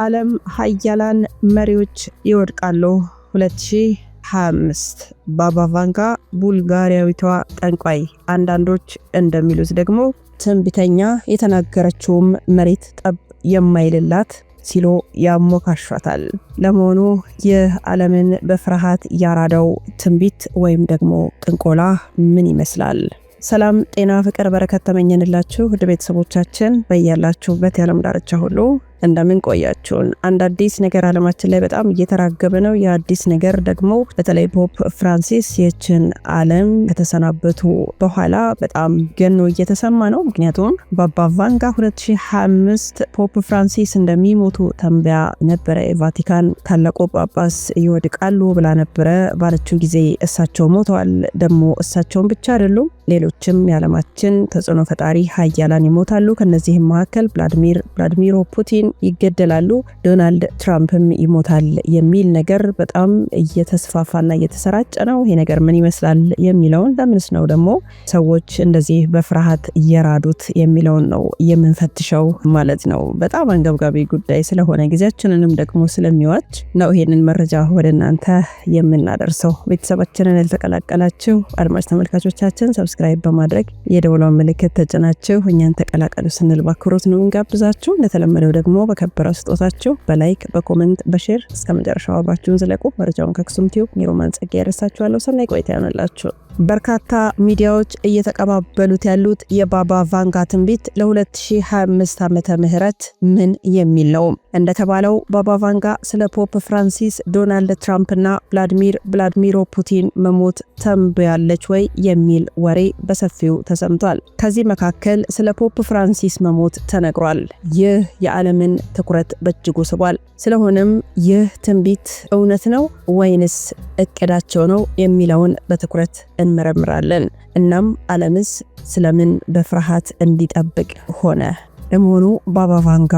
የዓለም ሀያላን መሪዎች ይወድቃሉ። 2025 ባባ ቫንጋ ቡልጋሪያዊቷ ጠንቋይ፣ አንዳንዶች እንደሚሉት ደግሞ ትንቢተኛ፣ የተናገረችውም መሬት ጠብ የማይልላት ሲሎ ያሞካሿታል። ለመሆኑ ይህ ዓለምን በፍርሃት ያራደው ትንቢት ወይም ደግሞ ጥንቆላ ምን ይመስላል? ሰላም ጤና፣ ፍቅር፣ በረከት ተመኘንላችሁ ውድ ቤተሰቦቻችን በያላችሁበት የዓለም ዳርቻ ሁሉ እንደምን ቆያችሁን። አንድ አዲስ ነገር አለማችን ላይ በጣም እየተራገበ ነው። የአዲስ ነገር ደግሞ በተለይ ፖፕ ፍራንሲስ ይህችን አለም ከተሰናበቱ በኋላ በጣም ገኖ እየተሰማ ነው። ምክንያቱም በአባ ቫንጋ 2025 ፖፕ ፍራንሲስ እንደሚሞቱ ተንቢያ ነበረ። የቫቲካን ታላቁ ጳጳስ ይወድቃሉ ብላ ነበረ ባለችው ጊዜ እሳቸው ሞተዋል። ደግሞ እሳቸውን ብቻ አይደሉም ሌሎችም የዓለማችን ተጽዕኖ ፈጣሪ ሀያላን ይሞታሉ። ከነዚህም መካከል ቭላድሚር ቭላድሚሮ ፑቲን ይገደላሉ፣ ዶናልድ ትራምፕም ይሞታል የሚል ነገር በጣም እየተስፋፋና እየተሰራጨ ነው። ይሄ ነገር ምን ይመስላል የሚለውን ለምንስ ነው ደግሞ ሰዎች እንደዚህ በፍርሃት እየራዱት የሚለውን ነው የምንፈትሸው ማለት ነው። በጣም አንገብጋቢ ጉዳይ ስለሆነ ጊዜያችንንም ደግሞ ስለሚዋች ነው ይሄንን መረጃ ወደ እናንተ የምናደርሰው። ቤተሰባችንን ያልተቀላቀላችሁ አድማጭ ተመልካቾቻችን ሰብስክራይብ በማድረግ የደውሏን ምልክት ተጭናችሁ እኛን ተቀላቀሉ ስንል ባክብሮት ነው እንጋብዛችሁ። እንደተለመደው ደግሞ ደግሞ በከበረ ስጦታችሁ በላይክ በኮመንት በሼር እስከ መጨረሻው አብራችሁን ዝለቁ። መረጃውን ከአክሱም ቲዩብ ኒሮማን ጸጋ ያደርሳችኋለሁ። ሰናይ ቆይታ ይሆንላችሁ። በርካታ ሚዲያዎች እየተቀባበሉት ያሉት የባባ ቫንጋ ትንቢት ለ2025 ዓመተ ምህረት ምን የሚል ነው? እንደተባለው ባባ ቫንጋ ስለ ፖፕ ፍራንሲስ፣ ዶናልድ ትራምፕ ና ቭላድሚር ቭላድሚሮ ፑቲን መሞት ተንብያለች ወይ የሚል ወሬ በሰፊው ተሰምቷል። ከዚህ መካከል ስለ ፖፕ ፍራንሲስ መሞት ተነግሯል። ይህ የዓለምን ትኩረት በእጅጉ ስቧል። ስለሆነም ይህ ትንቢት እውነት ነው ወይንስ እቅዳቸው ነው የሚለውን በትኩረት እንመረምራለን። እናም ዓለምስ ስለምን በፍርሃት እንዲጠብቅ ሆነ? ለመሆኑ ባባ ቫንጋ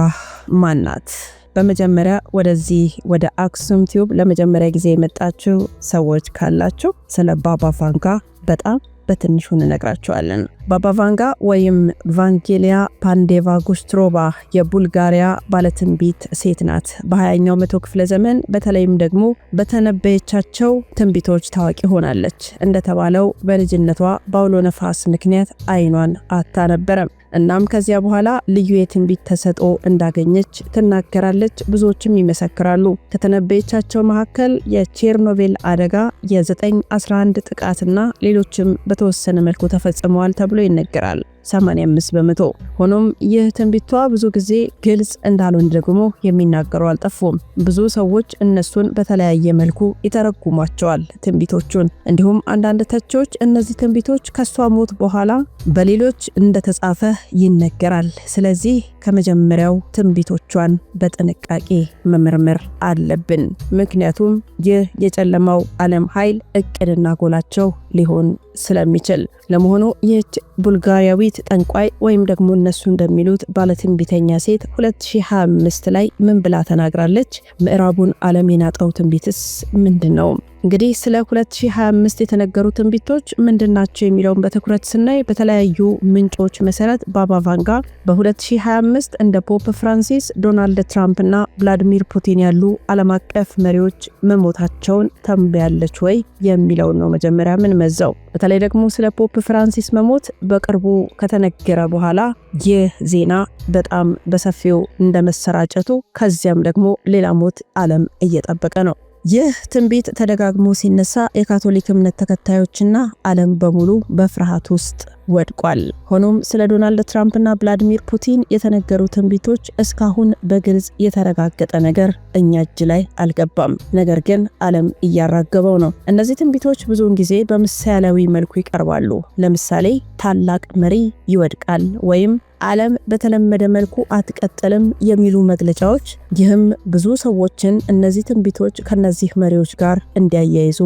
ማን ናት? በመጀመሪያ ወደዚህ ወደ አክሱም ቲዩብ ለመጀመሪያ ጊዜ የመጣችው ሰዎች ካላችሁ ስለ ባባ ቫንጋ በጣም በትንሹ እንነግራቸዋለን። ባባቫንጋ ወይም ቫንጌሊያ ፓንዴቫ ጉስትሮቫ የቡልጋሪያ ባለትንቢት ሴት ናት። በ20ኛው መቶ ክፍለ ዘመን በተለይም ደግሞ በተነበየቻቸው ትንቢቶች ታዋቂ ሆናለች። እንደተባለው በልጅነቷ በአውሎ ነፋስ ምክንያት አይኗን አታ ነበረም። እናም ከዚያ በኋላ ልዩ የትንቢት ተሰጥኦ እንዳገኘች ትናገራለች፣ ብዙዎችም ይመሰክራሉ። ከተነበየቻቸው መካከል የቼርኖቤል አደጋ፣ የ911 ጥቃትና ሌሎችም በተወሰነ መልኩ ተፈጽመዋል ተብሎ ይነገራል። 85 በመቶ። ሆኖም ይህ ትንቢቷ ብዙ ጊዜ ግልጽ እንዳልሆን ደግሞ የሚናገሩ አልጠፉም። ብዙ ሰዎች እነሱን በተለያየ መልኩ ይተረጉሟቸዋል ትንቢቶቹን። እንዲሁም አንዳንድ ተቺዎች እነዚህ ትንቢቶች ከሷ ሞት በኋላ በሌሎች እንደተጻፈ ይነገራል። ስለዚህ ከመጀመሪያው ትንቢቶቿን በጥንቃቄ መመርመር አለብን። ምክንያቱም ይህ የጨለማው ዓለም ኃይል እቅድና ጎላቸው ሊሆን ስለሚችል። ለመሆኑ ይህች ቡልጋሪያዊት ጠንቋይ ወይም ደግሞ እነሱ እንደሚሉት ባለትንቢተኛ ሴት 2025 ላይ ምን ብላ ተናግራለች? ምዕራቡን ዓለም የናጠው ትንቢትስ ምንድን ነው? እንግዲህ ስለ 2025 የተነገሩ ትንቢቶች ምንድናቸው የሚለውን በትኩረት ስናይ በተለያዩ ምንጮች መሰረት ባባ ቫንጋ በ2025 እንደ ፖፕ ፍራንሲስ፣ ዶናልድ ትራምፕ እና ቭላዲሚር ፑቲን ያሉ ዓለም አቀፍ መሪዎች መሞታቸውን ተንብያለች ወይ የሚለውን ነው መጀመሪያ ምን በተለይ ደግሞ ስለ ፖፕ ፍራንሲስ መሞት በቅርቡ ከተነገረ በኋላ ይህ ዜና በጣም በሰፊው እንደመሰራጨቱ ከዚያም ደግሞ ሌላ ሞት ዓለም እየጠበቀ ነው። ይህ ትንቢት ተደጋግሞ ሲነሳ የካቶሊክ እምነት ተከታዮችና ዓለም በሙሉ በፍርሃት ውስጥ ወድቋል። ሆኖም ስለ ዶናልድ ትራምፕና ቭላዲሚር ፑቲን የተነገሩ ትንቢቶች እስካሁን በግልጽ የተረጋገጠ ነገር እኛ እጅ ላይ አልገባም። ነገር ግን ዓለም እያራገበው ነው። እነዚህ ትንቢቶች ብዙውን ጊዜ በምሳሌያዊ መልኩ ይቀርባሉ። ለምሳሌ ታላቅ መሪ ይወድቃል ወይም ዓለም በተለመደ መልኩ አትቀጥልም የሚሉ መግለጫዎች፣ ይህም ብዙ ሰዎችን እነዚህ ትንቢቶች ከነዚህ መሪዎች ጋር እንዲያያይዙ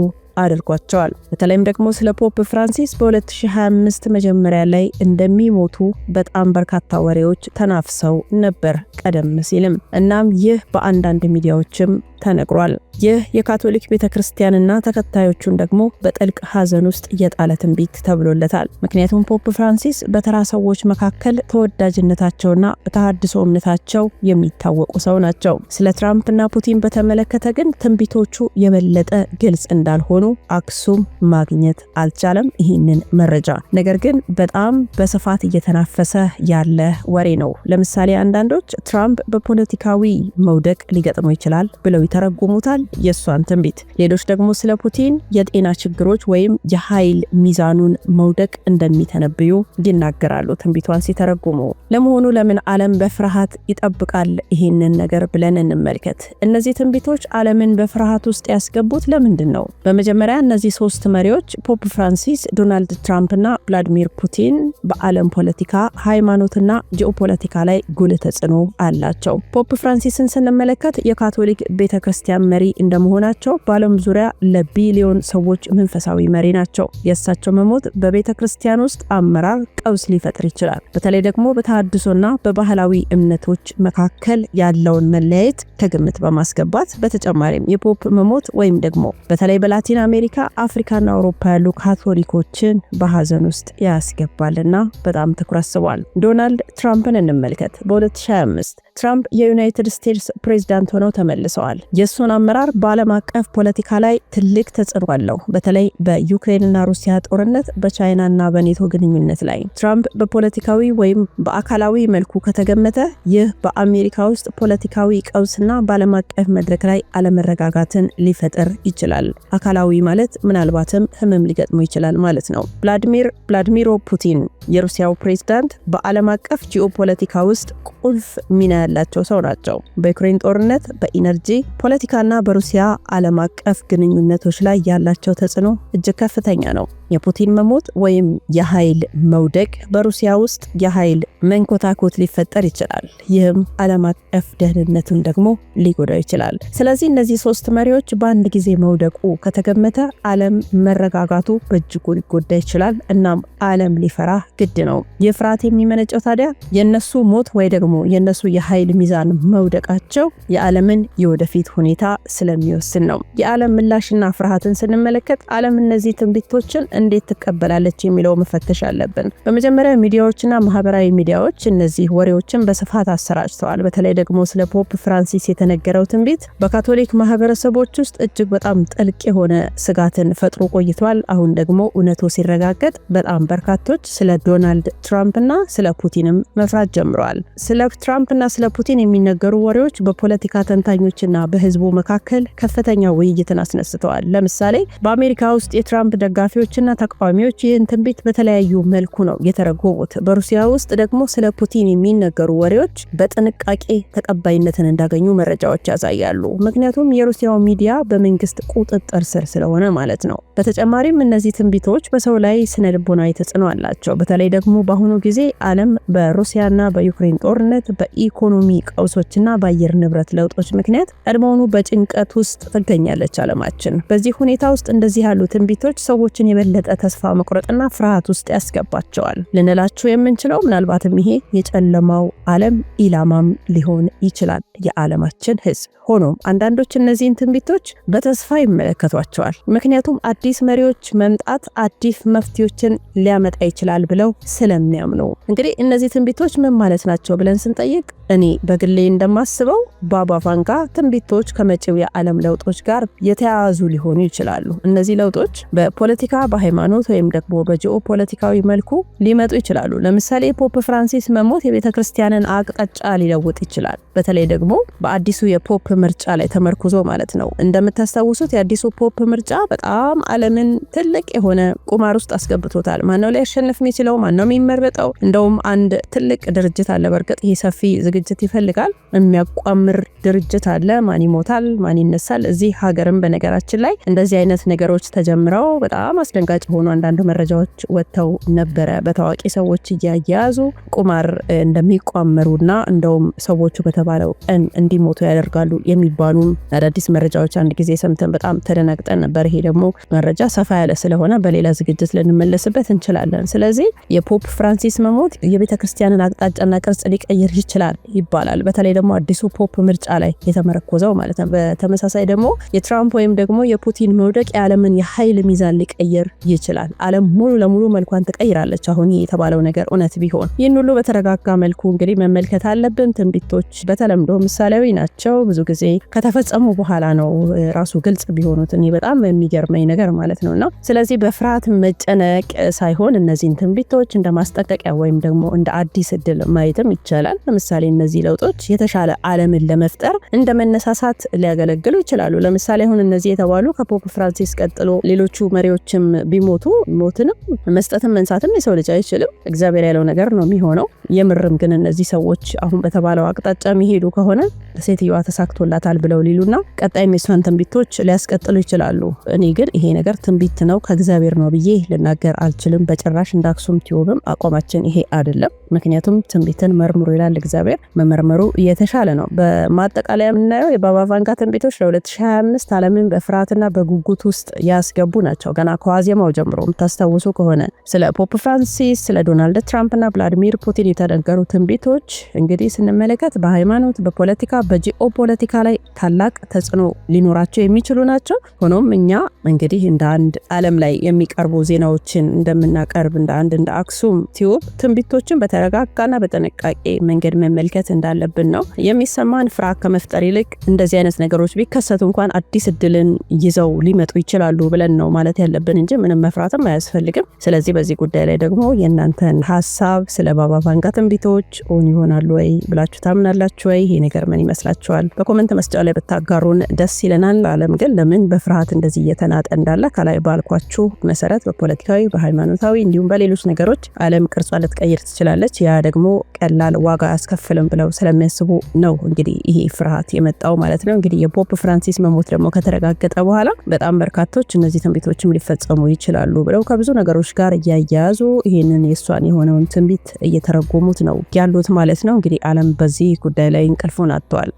አድርጓቸዋል። በተለይም ደግሞ ስለ ፖፕ ፍራንሲስ በ2025 መጀመሪያ ላይ እንደሚሞቱ በጣም በርካታ ወሬዎች ተናፍሰው ነበር ቀደም ሲልም። እናም ይህ በአንዳንድ ሚዲያዎችም ተነግሯል። ይህ የካቶሊክ ቤተ ክርስቲያንና ተከታዮቹን ደግሞ በጥልቅ ሐዘን ውስጥ የጣለ ትንቢት ተብሎለታል። ምክንያቱም ፖፕ ፍራንሲስ በተራ ሰዎች መካከል ተወዳጅነታቸውና በተሃድሶ እምነታቸው የሚታወቁ ሰው ናቸው። ስለ ትራምፕና ፑቲን በተመለከተ ግን ትንቢቶቹ የበለጠ ግልጽ እንዳልሆኑ አክሱም ማግኘት አልቻለም ይህንን መረጃ። ነገር ግን በጣም በስፋት እየተናፈሰ ያለ ወሬ ነው። ለምሳሌ አንዳንዶች ትራምፕ በፖለቲካዊ መውደቅ ሊገጥመው ይችላል ብለው ይተረጉሙታል። የእሷን ትንቢት። ሌሎች ደግሞ ስለ ፑቲን የጤና ችግሮች ወይም የኃይል ሚዛኑን መውደቅ እንደሚተነብዩ ይናገራሉ። ትንቢቷን ሲተረጉሙ ለመሆኑ ለምን ዓለም በፍርሃት ይጠብቃል ይህንን ነገር ብለን እንመልከት። እነዚህ ትንቢቶች ዓለምን በፍርሃት ውስጥ ያስገቡት ለምንድን ነው? በመጀመሪያ እነዚህ ሶስት መሪዎች ፖፕ ፍራንሲስ፣ ዶናልድ ትራምፕ እና ቭላዲሚር ፑቲን በዓለም ፖለቲካ፣ ሃይማኖትና ጂኦፖለቲካ ላይ ጉልህ ተጽዕኖ አላቸው። ፖፕ ፍራንሲስን ስንመለከት የካቶሊክ ቤተ ክርስቲያን መሪ እንደመሆናቸው በዓለም ዙሪያ ለቢሊዮን ሰዎች መንፈሳዊ መሪ ናቸው። የእሳቸው መሞት በቤተ ክርስቲያን ውስጥ አመራር ቀውስ ሊፈጥር ይችላል። በተለይ ደግሞ በተሃድሶና በባህላዊ እምነቶች መካከል ያለውን መለያየት ከግምት በማስገባት በተጨማሪም የፖፕ መሞት ወይም ደግሞ በተለይ በላቲን አሜሪካ፣ አፍሪካና አውሮፓ ያሉ ካቶሊኮችን በሀዘን ውስጥ ያስገባልና በጣም ትኩረት ስቧል። ዶናልድ ትራምፕን እንመልከት። በ2025 ትራምፕ የዩናይትድ ስቴትስ ፕሬዚዳንት ሆነው ተመልሰዋል። የእሱን አመራር በዓለም አቀፍ ፖለቲካ ላይ ትልቅ ተጽዕኖ አለው፣ በተለይ በዩክሬንና ሩሲያ ጦርነት፣ በቻይናና በኔቶ ግንኙነት ላይ። ትራምፕ በፖለቲካዊ ወይም በአካላዊ መልኩ ከተገመተ ይህ በአሜሪካ ውስጥ ፖለቲካዊ ቀውስና በዓለም አቀፍ መድረክ ላይ አለመረጋጋትን ሊፈጥር ይችላል። አካላዊ ማለት ምናልባትም ህመም ሊገጥሞ ይችላል ማለት ነው። ቭላዲሚር ቭላዲሚሮ ፑቲን የሩሲያው ፕሬዝዳንት በዓለም አቀፍ ጂኦፖለቲካ ውስጥ ቁልፍ ሚና ያላቸው ሰው ናቸው። በዩክሬን ጦርነት፣ በኢነርጂ ፖለቲካና በሩሲያ ዓለም አቀፍ ግንኙነቶች ላይ ያላቸው ተጽዕኖ እጅግ ከፍተኛ ነው። የፑቲን መሞት ወይም የኃይል መውደቅ በሩሲያ ውስጥ የኃይል መንኮታኮት ሊፈጠር ይችላል። ይህም ዓለም አቀፍ ደህንነቱን ደግሞ ሊጎዳው ይችላል። ስለዚህ እነዚህ ሶስት መሪዎች በአንድ ጊዜ መውደቁ ከተገመተ ዓለም መረጋጋቱ በእጅጉ ሊጎዳ ይችላል። እናም ዓለም ሊፈራ ግድ ነው። ይህ ፍርሃት የሚመነጨው ታዲያ የእነሱ ሞት ወይ ደግሞ የእነሱ የኃይል ኃይል ሚዛን መውደቃቸው የዓለምን የወደፊት ሁኔታ ስለሚወስን ነው። የዓለም ምላሽና ፍርሃትን ስንመለከት ዓለም እነዚህ ትንቢቶችን እንዴት ትቀበላለች የሚለው መፈተሽ አለብን። በመጀመሪያ ሚዲያዎችና ማህበራዊ ሚዲያዎች እነዚህ ወሬዎችን በስፋት አሰራጭተዋል። በተለይ ደግሞ ስለ ፖፕ ፍራንሲስ የተነገረው ትንቢት በካቶሊክ ማህበረሰቦች ውስጥ እጅግ በጣም ጥልቅ የሆነ ስጋትን ፈጥሮ ቆይቷል። አሁን ደግሞ እውነቱ ሲረጋገጥ በጣም በርካቶች ስለ ዶናልድ ትራምፕና ስለ ፑቲንም መፍራት ጀምረዋል። ስለ ትራምፕና ስለ ስለ ፑቲን የሚነገሩ ወሬዎች በፖለቲካ ተንታኞችና በህዝቡ መካከል ከፍተኛ ውይይትን አስነስተዋል። ለምሳሌ በአሜሪካ ውስጥ የትራምፕ ደጋፊዎችና ተቃዋሚዎች ይህን ትንቢት በተለያዩ መልኩ ነው የተረጎሙት። በሩሲያ ውስጥ ደግሞ ስለ ፑቲን የሚነገሩ ወሬዎች በጥንቃቄ ተቀባይነትን እንዳገኙ መረጃዎች ያሳያሉ። ምክንያቱም የሩሲያው ሚዲያ በመንግስት ቁጥጥር ስር ስለሆነ ማለት ነው። በተጨማሪም እነዚህ ትንቢቶች በሰው ላይ ስነ ልቦናዊ ተጽዕኖ አላቸው። በተለይ ደግሞ በአሁኑ ጊዜ ዓለም በሩሲያና በዩክሬን ጦርነት በኢኮኖ በኢኮኖሚ ቀውሶችና በአየር ንብረት ለውጦች ምክንያት ቀድሞውኑ በጭንቀት ውስጥ ትገኛለች አለማችን። በዚህ ሁኔታ ውስጥ እንደዚህ ያሉ ትንቢቶች ሰዎችን የበለጠ ተስፋ መቁረጥና ፍርሃት ውስጥ ያስገባቸዋል ልንላችሁ የምንችለው ምናልባትም ይሄ የጨለማው ዓለም ኢላማም ሊሆን ይችላል የዓለማችን ህዝብ ሆኖም አንዳንዶች እነዚህን ትንቢቶች በተስፋ ይመለከቷቸዋል፣ ምክንያቱም አዲስ መሪዎች መምጣት አዲስ መፍትሄዎችን ሊያመጣ ይችላል ብለው ስለሚያምኑ። እንግዲህ እነዚህ ትንቢቶች ምን ማለት ናቸው ብለን ስንጠይቅ እኔ በግሌ እንደማስበው ባባ ቫንጋ ትንቢቶች ከመጪው የዓለም ለውጦች ጋር የተያያዙ ሊሆኑ ይችላሉ። እነዚህ ለውጦች በፖለቲካ በሃይማኖት፣ ወይም ደግሞ በጂኦ ፖለቲካዊ መልኩ ሊመጡ ይችላሉ። ለምሳሌ ፖፕ ፍራንሲስ መሞት የቤተ ክርስቲያንን አቅጣጫ ሊለውጥ ይችላል። በተለይ ደግሞ በአዲሱ የፖፕ ምርጫ ላይ ተመርኩዞ ማለት ነው። እንደምታስታውሱት የአዲሱ ፖፕ ምርጫ በጣም ዓለምን ትልቅ የሆነ ቁማር ውስጥ አስገብቶታል። ማነው ሊያሸንፍ የሚችለው? ማነው የሚመረጠው? እንደውም አንድ ትልቅ ድርጅት አለ። በእርግጥ ይህ ሰፊ ዝግጅ ድርጅት ይፈልጋል። የሚያቋምር ድርጅት አለ። ማን ይሞታል፣ ማን ይነሳል። እዚህ ሀገርም በነገራችን ላይ እንደዚህ አይነት ነገሮች ተጀምረው በጣም አስደንጋጭ የሆኑ አንዳንድ መረጃዎች ወጥተው ነበረ። በታዋቂ ሰዎች እያያያዙ ቁማር እንደሚቋመሩና እንደውም ሰዎቹ በተባለው ቀን እንዲሞቱ ያደርጋሉ የሚባሉ አዳዲስ መረጃዎች አንድ ጊዜ ሰምተን በጣም ተደናግጠን ነበር። ይሄ ደግሞ መረጃ ሰፋ ያለ ስለሆነ በሌላ ዝግጅት ልንመለስበት እንችላለን። ስለዚህ የፖፕ ፍራንሲስ መሞት የቤተክርስቲያንን አቅጣጫና ቅርጽ ሊቀይር ይችላል ይባላል። በተለይ ደግሞ አዲሱ ፖፕ ምርጫ ላይ የተመረኮዘው ማለት ነው። በተመሳሳይ ደግሞ የትራምፕ ወይም ደግሞ የፑቲን መውደቅ የዓለምን የኃይል ሚዛን ሊቀይር ይችላል። ዓለም ሙሉ ለሙሉ መልኳን ትቀይራለች አሁን የተባለው ነገር እውነት ቢሆን ይህን ሁሉ በተረጋጋ መልኩ እንግዲህ መመልከት አለብን። ትንቢቶች በተለምዶ ምሳሌያዊ ናቸው። ብዙ ጊዜ ከተፈጸሙ በኋላ ነው ራሱ ግልጽ ቢሆኑት እኔ በጣም የሚገርመኝ ነገር ማለት ነው። እና ስለዚህ በፍርሃት መጨነቅ ሳይሆን እነዚህን ትንቢቶች እንደ ማስጠንቀቂያ ወይም ደግሞ እንደ አዲስ እድል ማየትም ይቻላል። ለምሳሌ እነዚህ ለውጦች የተሻለ ዓለምን ለመፍጠር እንደ መነሳሳት ሊያገለግሉ ይችላሉ። ለምሳሌ አሁን እነዚህ የተባሉ ከፖፕ ፍራንሲስ ቀጥሎ ሌሎቹ መሪዎችም ቢሞቱ ሞትንም መስጠትም መንሳትም የሰው ልጅ አይችልም። እግዚአብሔር ያለው ነገር ነው የሚሆነው። የምርም ግን እነዚህ ሰዎች አሁን በተባለው አቅጣጫ የሚሄዱ ከሆነ ሴትዮዋ ተሳክቶላታል ብለው ሊሉና ቀጣይ የሷን ትንቢቶች ሊያስቀጥሉ ይችላሉ። እኔ ግን ይሄ ነገር ትንቢት ነው ከእግዚአብሔር ነው ብዬ ልናገር አልችልም በጭራሽ። እንደ አክሱም ቲዩብም አቋማችን ይሄ አይደለም። ምክንያቱም ትንቢትን መርምሩ ይላል እግዚአብሔር። መመርመሩ የተሻለ ነው። በማጠቃለያ የምናየው የባባ ቫንጋ ትንቢቶች ለ2025 ዓለምን በፍርሃትና በጉጉት ውስጥ ያስገቡ ናቸው። ገና ከዋዜማው ጀምሮ የምታስታውሱ ከሆነ ስለ ፖፕ ፍራንሲስ፣ ስለ ዶናልድ ትራምፕና ቭላዲሚር ፑቲን የተነገሩ ትንቢቶች እንግዲህ ስንመለከት በሃይማኖት፣ በፖለቲካ፣ በጂኦ ፖለቲካ ላይ ታላቅ ተጽዕኖ ሊኖራቸው የሚችሉ ናቸው። ሆኖም እኛ እንግዲህ እንደ አንድ ዓለም ላይ የሚቀርቡ ዜናዎችን እንደምናቀርብ እንደ አንድ እንደ አክሱም ቲዩብ ትንቢቶችን በተረጋጋና በጥንቃቄ መንገድ መመልከት ማየት እንዳለብን ነው የሚሰማን። ፍርሃት ከመፍጠር ይልቅ እንደዚህ አይነት ነገሮች ቢከሰቱ እንኳን አዲስ እድልን ይዘው ሊመጡ ይችላሉ ብለን ነው ማለት ያለብን እንጂ ምንም መፍራትም አያስፈልግም። ስለዚህ በዚህ ጉዳይ ላይ ደግሞ የእናንተን ሀሳብ ስለ ባባ ቫንጋ ትንቢቶች ኦን ይሆናሉ ወይ ብላችሁ ታምናላችሁ ወይ? ይሄ ነገር ምን ይመስላችኋል? በኮመንት መስጫ ላይ ብታጋሩን ደስ ይለናል። አለም ግን ለምን በፍርሃት እንደዚህ እየተናጠ እንዳለ ከላይ ባልኳችሁ መሰረት በፖለቲካዊ በሃይማኖታዊ እንዲሁም በሌሎች ነገሮች አለም ቅርጿ ልትቀይር ትችላለች። ያ ደግሞ ቀላል ዋጋ አያስከፍልም ብለው ስለሚያስቡ ነው እንግዲህ ይሄ ፍርሃት የመጣው ማለት ነው። እንግዲህ የፖፕ ፍራንሲስ መሞት ደግሞ ከተረጋገጠ በኋላ በጣም በርካቶች እነዚህ ትንቢቶችም ሊፈጸሙ ይችላሉ ብለው ከብዙ ነገሮች ጋር እያያያዙ ይህንን የእሷን የሆነውን ትንቢት እየተረጎሙት ነው ያሉት ማለት ነው። እንግዲህ ዓለም በዚህ ጉዳይ ላይ እንቅልፉን አጥተዋል።